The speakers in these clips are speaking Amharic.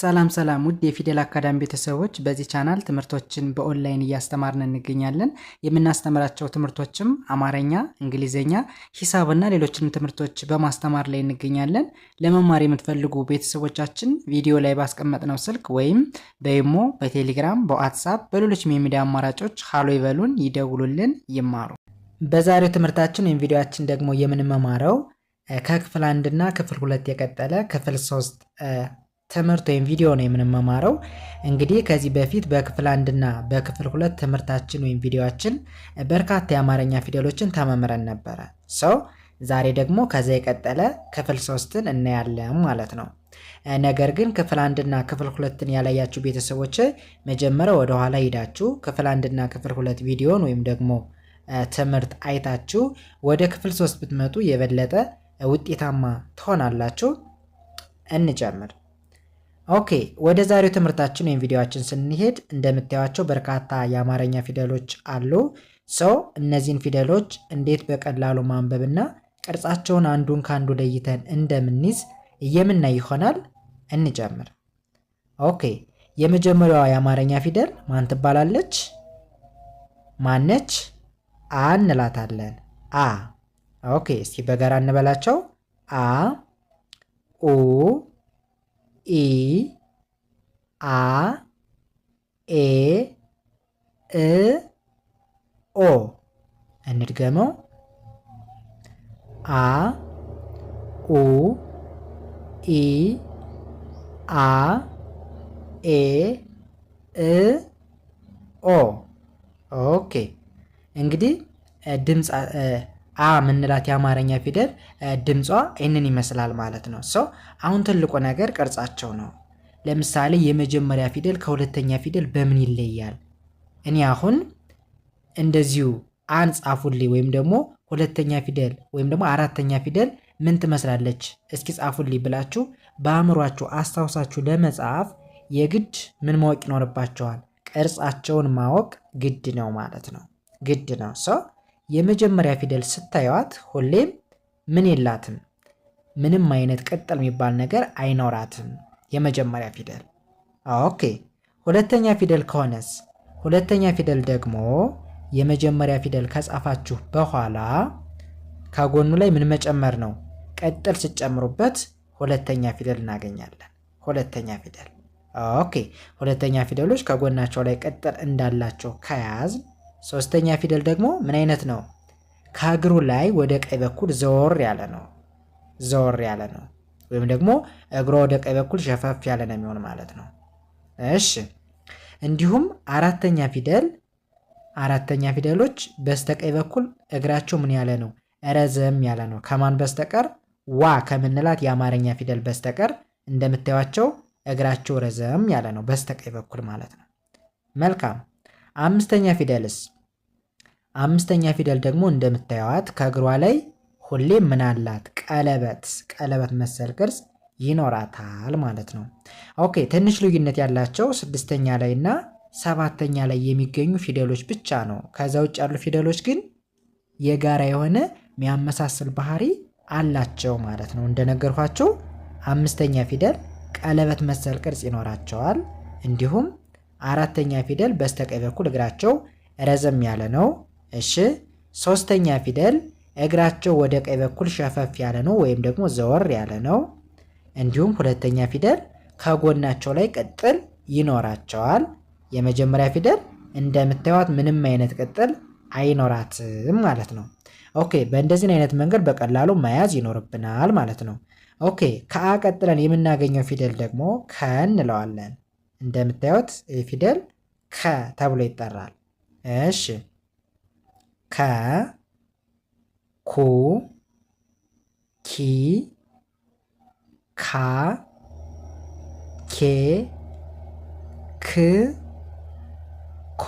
ሰላም ሰላም ውድ የፊደል አካዳሚ ቤተሰቦች፣ በዚህ ቻናል ትምህርቶችን በኦንላይን እያስተማርን እንገኛለን። የምናስተምራቸው ትምህርቶችም አማርኛ፣ እንግሊዝኛ፣ ሂሳብና ሌሎችንም ትምህርቶች በማስተማር ላይ እንገኛለን። ለመማር የምትፈልጉ ቤተሰቦቻችን ቪዲዮ ላይ ባስቀመጥነው ስልክ ወይም በይሞ በቴሌግራም በዋትሳፕ በሌሎችም የሚዲያ አማራጮች ሀሎ ይበሉን፣ ይደውሉልን፣ ይማሩ። በዛሬው ትምህርታችን ወይም ቪዲዮችን ደግሞ የምንመማረው ከክፍል አንድና ክፍል ሁለት የቀጠለ ክፍል ሶስት ትምህርት ወይም ቪዲዮ ነው የምንመማረው። እንግዲህ ከዚህ በፊት በክፍል አንድና በክፍል ሁለት ትምህርታችን ወይም ቪዲዮችን በርካታ የአማርኛ ፊደሎችን ተመምረን ነበረ። ሰው ዛሬ ደግሞ ከዛ የቀጠለ ክፍል ሶስትን እናያለን ማለት ነው። ነገር ግን ክፍል አንድና ክፍል ሁለትን ያላያችሁ ቤተሰቦች መጀመሪያ ወደኋላ ሂዳችሁ ክፍል አንድና ክፍል ሁለት ቪዲዮን ወይም ደግሞ ትምህርት አይታችሁ ወደ ክፍል ሶስት ብትመጡ የበለጠ ውጤታማ ትሆናላችሁ። እንጀምር። ኦኬ ወደ ዛሬው ትምህርታችን ወይም ቪዲዮችን ስንሄድ እንደምታዩቸው በርካታ የአማርኛ ፊደሎች አሉ። ሰው እነዚህን ፊደሎች እንዴት በቀላሉ ማንበብና ቅርጻቸውን አንዱን ከአንዱ ለይተን እንደምንይዝ እየምናይ ይሆናል። እንጀምር። ኦኬ የመጀመሪያዋ የአማርኛ ፊደል ማን ትባላለች? ማነች? አ እንላታለን። አ ኦኬ እስቲ በጋራ እንበላቸው። አ ኡ ኢ አ ኤ እ ኦ እንድገመው አ ኡ ኢ አ ኤ እ ኦ ኦኬ እንግዲህ ድምፅ አ ምንላት የአማርኛ ፊደል ድምጿ ይህንን ይመስላል ማለት ነው። ሰው አሁን ትልቁ ነገር ቅርጻቸው ነው። ለምሳሌ የመጀመሪያ ፊደል ከሁለተኛ ፊደል በምን ይለያል? እኔ አሁን እንደዚሁ አን ጻፉልኝ ወይም ደግሞ ሁለተኛ ፊደል ወይም ደግሞ አራተኛ ፊደል ምን ትመስላለች እስኪ ጻፉልኝ ብላችሁ በአእምሯችሁ አስታውሳችሁ ለመጻፍ የግድ ምን ማወቅ ይኖርባቸዋል? ቅርጻቸውን ማወቅ ግድ ነው ማለት ነው። ግድ ነው ሰው የመጀመሪያ ፊደል ስታዩት ሁሌም ምን የላትም፣ ምንም አይነት ቅጥል የሚባል ነገር አይኖራትም። የመጀመሪያ ፊደል ኦኬ። ሁለተኛ ፊደል ከሆነስ? ሁለተኛ ፊደል ደግሞ የመጀመሪያ ፊደል ከጻፋችሁ በኋላ ከጎኑ ላይ ምን መጨመር ነው? ቀጥል ስጨምሩበት ሁለተኛ ፊደል እናገኛለን። ሁለተኛ ፊደል ኦኬ። ሁለተኛ ፊደሎች ከጎናቸው ላይ ቀጥል እንዳላቸው ከያዝ ሶስተኛ ፊደል ደግሞ ምን አይነት ነው? ከእግሩ ላይ ወደ ቀኝ በኩል ዘወር ያለ ነው። ዘወር ያለ ነው ወይም ደግሞ እግሯ ወደ ቀኝ በኩል ሸፈፍ ያለ ነው የሚሆን ማለት ነው። እሺ እንዲሁም አራተኛ ፊደል አራተኛ ፊደሎች በስተቀኝ በኩል እግራቸው ምን ያለ ነው? ረዘም ያለ ነው። ከማን በስተቀር ዋ ከምንላት የአማርኛ ፊደል በስተቀር እንደምታዩቸው እግራቸው ረዘም ያለ ነው፣ በስተቀኝ በኩል ማለት ነው። መልካም አምስተኛ ፊደልስ? አምስተኛ ፊደል ደግሞ እንደምታየዋት ከእግሯ ላይ ሁሌ ምን አላት? ቀለበት ቀለበት መሰል ቅርጽ ይኖራታል ማለት ነው። ኦኬ ትንሽ ልዩነት ያላቸው ስድስተኛ ላይ እና ሰባተኛ ላይ የሚገኙ ፊደሎች ብቻ ነው። ከዛ ውጭ ያሉ ፊደሎች ግን የጋራ የሆነ የሚያመሳስል ባህሪ አላቸው ማለት ነው። እንደነገርኳቸው አምስተኛ ፊደል ቀለበት መሰል ቅርጽ ይኖራቸዋል። እንዲሁም አራተኛ ፊደል በስተቀኝ በኩል እግራቸው ረዘም ያለ ነው። እሺ ሶስተኛ ፊደል እግራቸው ወደ ቀኝ በኩል ሸፈፍ ያለ ነው ወይም ደግሞ ዘወር ያለ ነው። እንዲሁም ሁለተኛ ፊደል ከጎናቸው ላይ ቅጥል ይኖራቸዋል። የመጀመሪያ ፊደል እንደምታዩት ምንም አይነት ቅጥል አይኖራትም ማለት ነው። ኦኬ በእንደዚህን አይነት መንገድ በቀላሉ መያዝ ይኖርብናል ማለት ነው። ኦኬ ከአ ቀጥለን የምናገኘው ፊደል ደግሞ ከ እንለዋለን። እንደምታዩት ፊደል ከ ተብሎ ይጠራል። እሺ ከ ኩ ኪ ካ ኬ ክ ኮ።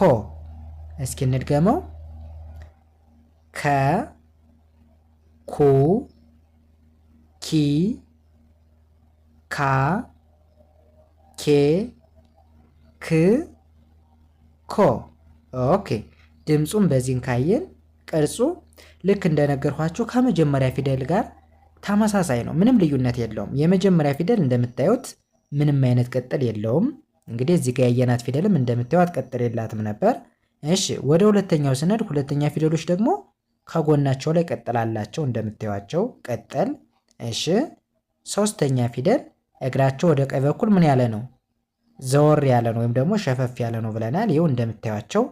እስኪ እንድገመው። ከ ኩ ኪ ካ ኬ ክ ኮ ኦኬ። ድምፁን በዚህን ካየን ቅርጹ ልክ እንደነገርኳችሁ ከመጀመሪያ ፊደል ጋር ተመሳሳይ ነው። ምንም ልዩነት የለውም። የመጀመሪያ ፊደል እንደምታዩት ምንም አይነት ቅጥል የለውም። እንግዲህ እዚህ ጋር ያየናት ፊደልም እንደምታዩት ቅጥል የላትም ነበር። እሺ ወደ ሁለተኛው ስነድ ሁለተኛ ፊደሎች ደግሞ ከጎናቸው ላይ ቅጥል አላቸው። እንደምታዩቸው ቅጥል። እሺ ሶስተኛ ፊደል እግራቸው ወደ ቀኝ በኩል ምን ያለ ነው? ዘወር ያለ ነው ወይም ደግሞ ሸፈፍ ያለ ነው ብለናል። ይኸው እንደምታዩቸው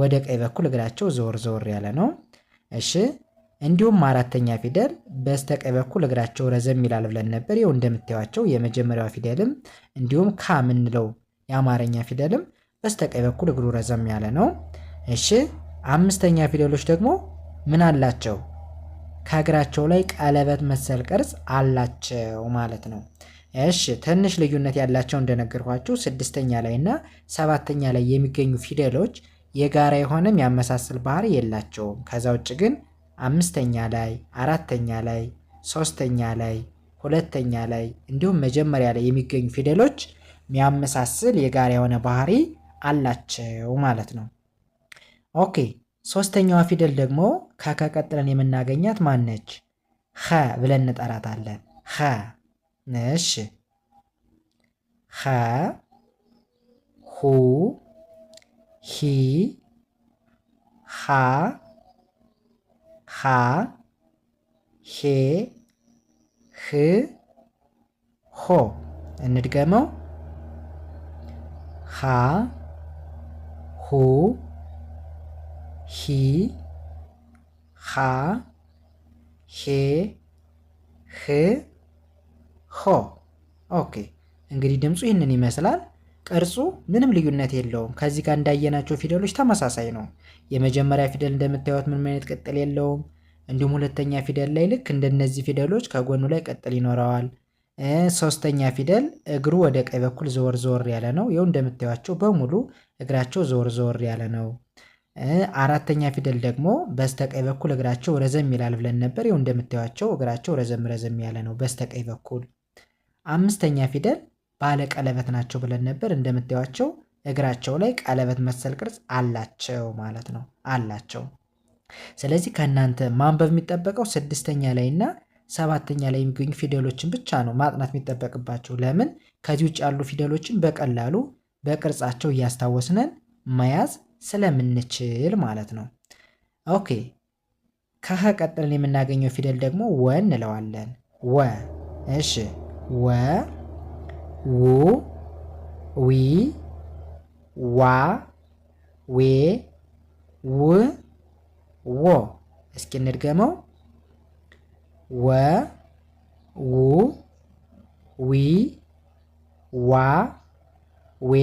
ወደ ቀኝ በኩል እግራቸው ዘወር ዘወር ያለ ነው። እሺ እንዲሁም አራተኛ ፊደል በስተቀኝ በኩል እግራቸው ረዘም ይላል ብለን ነበር። ይኸው እንደምታዩቸው የመጀመሪያዋ ፊደልም እንዲሁም ካ ምንለው የአማርኛ ፊደልም በስተቀኝ በኩል እግሩ ረዘም ያለ ነው። እሺ አምስተኛ ፊደሎች ደግሞ ምን አላቸው? ከእግራቸው ላይ ቀለበት መሰል ቅርጽ አላቸው ማለት ነው። እሺ ትንሽ ልዩነት ያላቸው እንደነገርኳችሁ ስድስተኛ ላይ እና ሰባተኛ ላይ የሚገኙ ፊደሎች የጋራ የሆነ የሚያመሳስል ባህሪ የላቸውም። ከዛ ውጭ ግን አምስተኛ ላይ፣ አራተኛ ላይ፣ ሶስተኛ ላይ፣ ሁለተኛ ላይ እንዲሁም መጀመሪያ ላይ የሚገኙ ፊደሎች የሚያመሳስል የጋራ የሆነ ባህሪ አላቸው ማለት ነው። ኦኬ ሶስተኛዋ ፊደል ደግሞ ከከቀጥለን የምናገኛት ማነች? ኸ ብለን እንጠራታለን። ኸ እሺ ኸ ሁ ሂ ሃ ሃ ሄ ህ ሆ እንድገመው ሃ ሁ ሂ ሃ ሄ ህ ሆ። ኦኬ እንግዲህ ድምፁ ይህንን ይመስላል። ቅርጹ ምንም ልዩነት የለውም። ከዚህ ጋር እንዳየናቸው ፊደሎች ተመሳሳይ ነው። የመጀመሪያ ፊደል እንደምታዩት ምንም አይነት ቅጥል የለውም። እንዲሁም ሁለተኛ ፊደል ላይ ልክ እንደነዚህ ፊደሎች ከጎኑ ላይ ቅጥል ይኖረዋል። ሶስተኛ ፊደል እግሩ ወደ ቀኝ በኩል ዘወር ዘወር ያለ ነው። ይኸው እንደምታዩቸው በሙሉ እግራቸው ዘወር ዘወር ያለ ነው። አራተኛ ፊደል ደግሞ በስተቀኝ በኩል እግራቸው ረዘም ይላል ብለን ነበር። ይኸው እንደምታዩቸው እግራቸው ረዘም ረዘም ያለ ነው በስተቀኝ በኩል አምስተኛ ፊደል ባለ ቀለበት ናቸው ብለን ነበር። እንደምታዩቸው እግራቸው ላይ ቀለበት መሰል ቅርጽ አላቸው ማለት ነው አላቸው። ስለዚህ ከእናንተ ማንበብ የሚጠበቀው ስድስተኛ ላይ እና ሰባተኛ ላይ የሚገኙ ፊደሎችን ብቻ ነው ማጥናት የሚጠበቅባቸው። ለምን ከዚህ ውጭ ያሉ ፊደሎችን በቀላሉ በቅርጻቸው እያስታወስነን መያዝ ስለምንችል ማለት ነው። ኦኬ ከሀ ቀጥለን የምናገኘው ፊደል ደግሞ ወ እንለዋለን። ወ እሺ ወ ው ዊ ዋ ዌ ው ዎ እስኪ እንድገመው። ወ ው ዊ ዋ ዌ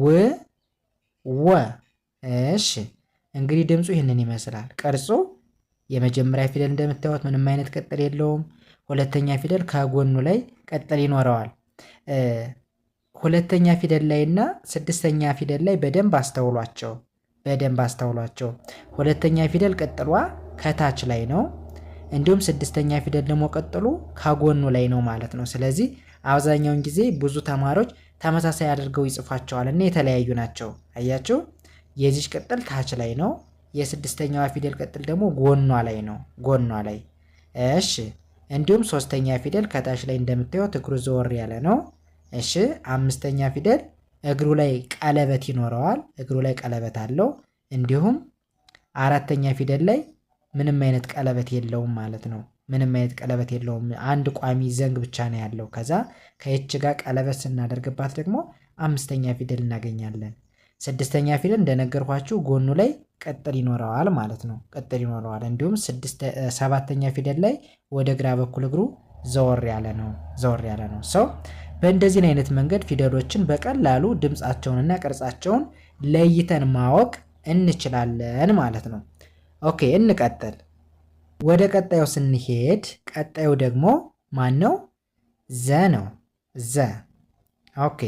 ው ወ እሺ እንግዲህ ድምፁ ይህንን ይመስላል። ቅርጹ የመጀመሪያ ፊደል እንደምታዩት ምንም አይነት ቅጥል የለውም። ሁለተኛ ፊደል ከጎኑ ላይ ቅጥል ይኖረዋል። ሁለተኛ ፊደል ላይ እና ስድስተኛ ፊደል ላይ በደንብ አስተውሏቸው፣ በደንብ አስተውሏቸው። ሁለተኛ ፊደል ቅጥሏ ከታች ላይ ነው። እንዲሁም ስድስተኛ ፊደል ደግሞ ቅጥሉ ከጎኑ ላይ ነው ማለት ነው። ስለዚህ አብዛኛውን ጊዜ ብዙ ተማሪዎች ተመሳሳይ አድርገው ይጽፏቸዋል እና የተለያዩ ናቸው። አያቸው የዚች ቅጥል ታች ላይ ነው። የስድስተኛዋ ፊደል ቀጥል ደግሞ ጎኗ ላይ ነው። ጎኗ ላይ እሺ። እንዲሁም ሶስተኛ ፊደል ከታች ላይ እንደምታየው ትኩር ዘወር ያለ ነው። እሺ። አምስተኛ ፊደል እግሩ ላይ ቀለበት ይኖረዋል። እግሩ ላይ ቀለበት አለው። እንዲሁም አራተኛ ፊደል ላይ ምንም አይነት ቀለበት የለውም ማለት ነው። ምንም አይነት ቀለበት የለውም። አንድ ቋሚ ዘንግ ብቻ ነው ያለው። ከዛ ከይች ጋር ቀለበት ስናደርግባት ደግሞ አምስተኛ ፊደል እናገኛለን። ስድስተኛ ፊደል እንደነገርኳችሁ ጎኑ ላይ ቀጥል ይኖረዋል ማለት ነው። ቀጥል ይኖረዋል። እንዲሁም ሰባተኛ ፊደል ላይ ወደ ግራ በኩል እግሩ ዘወር ያለ ነው። ዘወር ያለ ነው። ሰው በእንደዚህን አይነት መንገድ ፊደሎችን በቀላሉ ድምፃቸውንና ቅርጻቸውን ለይተን ማወቅ እንችላለን ማለት ነው። ኦኬ እንቀጥል። ወደ ቀጣዩ ስንሄድ ቀጣዩ ደግሞ ማን ነው? ዘ ነው። ዘ ኦኬ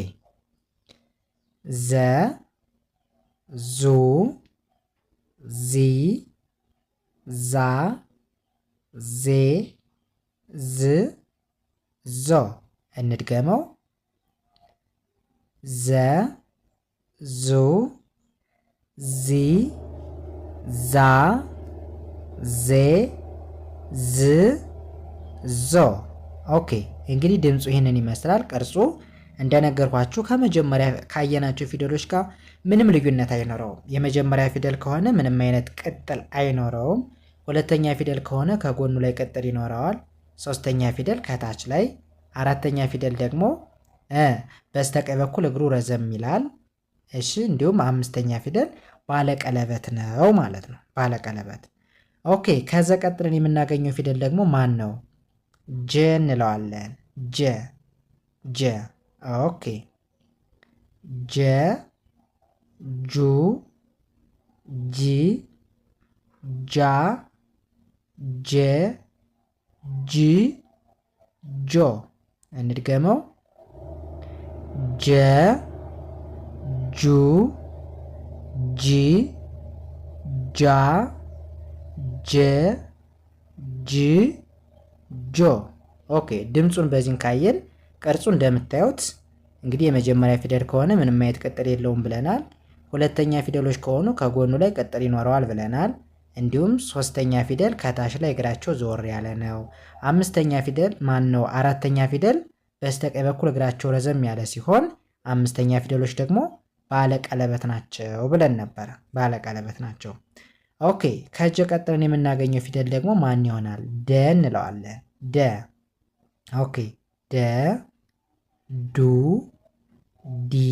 ዘ ዙ ዚ ዛ ዜ ዝ ዞ። እንድገመው። ዘ ዙ ዚ ዛ ዜ ዝ ዞ። ኦኬ እንግዲህ ድምፁ ይህንን ይመስላል ቅርጹ እንደነገርኳችሁ ከመጀመሪያ ካየናቸው ፊደሎች ጋር ምንም ልዩነት አይኖረውም። የመጀመሪያ ፊደል ከሆነ ምንም አይነት ቅጥል አይኖረውም። ሁለተኛ ፊደል ከሆነ ከጎኑ ላይ ቅጥል ይኖረዋል። ሶስተኛ ፊደል ከታች ላይ፣ አራተኛ ፊደል ደግሞ በስተቀኝ በኩል እግሩ ረዘም ይላል። እሺ፣ እንዲሁም አምስተኛ ፊደል ባለቀለበት ነው ማለት ነው። ባለቀለበት። ኦኬ። ከዘ ቀጥለን የምናገኘው ፊደል ደግሞ ማን ነው? ጀ እንለዋለን። ጀ ጀ ኦኬ ጀ ጁ ጂ ጃ ጄ ጂ ጆ። እንድገመው ጀ ጁ ጂ ጃ ጄ ጂ ጆ። ኦኬ ድምፁን በዚህን ካየን ቅርጹ እንደምታዩት እንግዲህ የመጀመሪያ ፊደል ከሆነ ምንም አይነት ቅጥል የለውም ብለናል። ሁለተኛ ፊደሎች ከሆኑ ከጎኑ ላይ ቅጥል ይኖረዋል ብለናል። እንዲሁም ሶስተኛ ፊደል ከታች ላይ እግራቸው ዞር ያለ ነው። አምስተኛ ፊደል ማን ነው? አራተኛ ፊደል በስተቀኝ በኩል እግራቸው ረዘም ያለ ሲሆን አምስተኛ ፊደሎች ደግሞ ባለቀለበት ናቸው ብለን ነበረ። ባለቀለበት ናቸው። ኦኬ ከጀ ቀጥለን የምናገኘው ፊደል ደግሞ ማን ይሆናል? ደ እንለዋለን። ደ ኦኬ ደ ዱ ዲ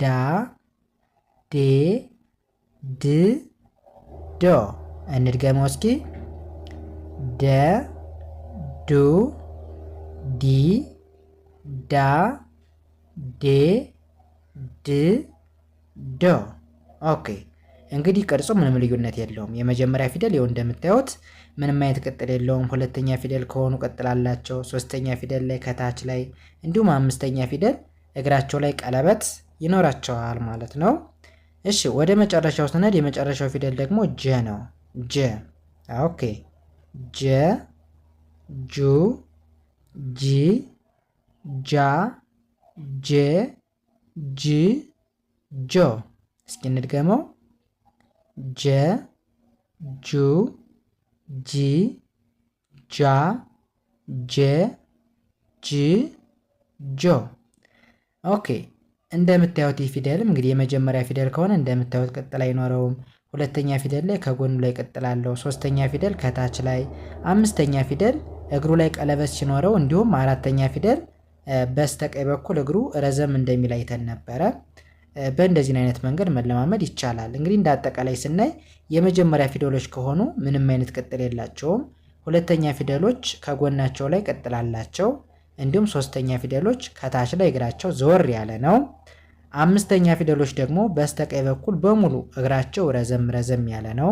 ዳ ዴ ድ ዶ። እንድገመው እስኪ ደ ዱ ዲ ዳ ዴ ድ ዶ። ኦኬ እንግዲህ ቅርጹ ምንም ልዩነት የለውም። የመጀመሪያ ፊደል ይኸው እንደምታዩት ምንም አይነት ቅጥል የለውም። ሁለተኛ ፊደል ከሆኑ ቅጥል አላቸው። ሶስተኛ ፊደል ላይ ከታች ላይ እንዲሁም አምስተኛ ፊደል እግራቸው ላይ ቀለበት ይኖራቸዋል ማለት ነው። እሺ ወደ መጨረሻው ስነድ የመጨረሻው ፊደል ደግሞ ጀ ነው። ጀ ኦኬ። ጀ ጁ ጂ ጃ ጄ ጂ ጆ። እስኪ እንድገመው ጀ ጁ ጂ ጃ ጄ ጅ ጆ። ኦኬ እንደምታዩት ይህ ፊደልም እንግዲህ የመጀመሪያ ፊደል ከሆነ እንደምታዩት ቅጥል አይኖረውም። ሁለተኛ ፊደል ላይ ከጎኑ ላይ ቅጥል አለው። ሶስተኛ ፊደል ከታች ላይ፣ አምስተኛ ፊደል እግሩ ላይ ቀለበት ሲኖረው፣ እንዲሁም አራተኛ ፊደል በስተቀኝ በኩል እግሩ ረዘም እንደሚል አይተን ነበረ። በእንደዚህን አይነት መንገድ መለማመድ ይቻላል። እንግዲህ እንደ አጠቃላይ ስናይ የመጀመሪያ ፊደሎች ከሆኑ ምንም አይነት ቅጥል የላቸውም። ሁለተኛ ፊደሎች ከጎናቸው ላይ ቅጥል አላቸው። እንዲሁም ሶስተኛ ፊደሎች ከታች ላይ እግራቸው ዘወር ያለ ነው። አምስተኛ ፊደሎች ደግሞ በስተቀኝ በኩል በሙሉ እግራቸው ረዘም ረዘም ያለ ነው።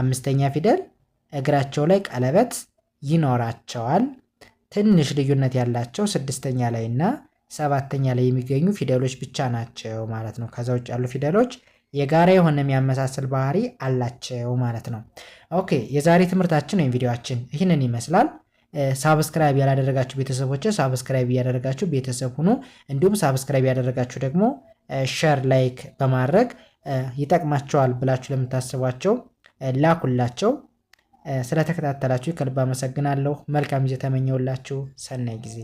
አምስተኛ ፊደል እግራቸው ላይ ቀለበት ይኖራቸዋል። ትንሽ ልዩነት ያላቸው ስድስተኛ ላይ እና ሰባተኛ ላይ የሚገኙ ፊደሎች ብቻ ናቸው ማለት ነው። ከዛ ውጭ ያሉ ፊደሎች የጋራ የሆነ የሚያመሳስል ባህሪ አላቸው ማለት ነው። ኦኬ የዛሬ ትምህርታችን ወይም ቪዲዮችን ይህንን ይመስላል። ሳብስክራይብ ያላደረጋችሁ ቤተሰቦች ሳብስክራይብ እያደረጋችሁ ቤተሰብ ሁኑ። እንዲሁም ሳብስክራይብ ያደረጋችሁ ደግሞ ሸር፣ ላይክ በማድረግ ይጠቅማቸዋል ብላችሁ ለምታስቧቸው ላኩላቸው። ስለተከታተላችሁ ከልብ አመሰግናለሁ። መልካም ጊዜ ተመኘውላችሁ። ሰናይ ጊዜ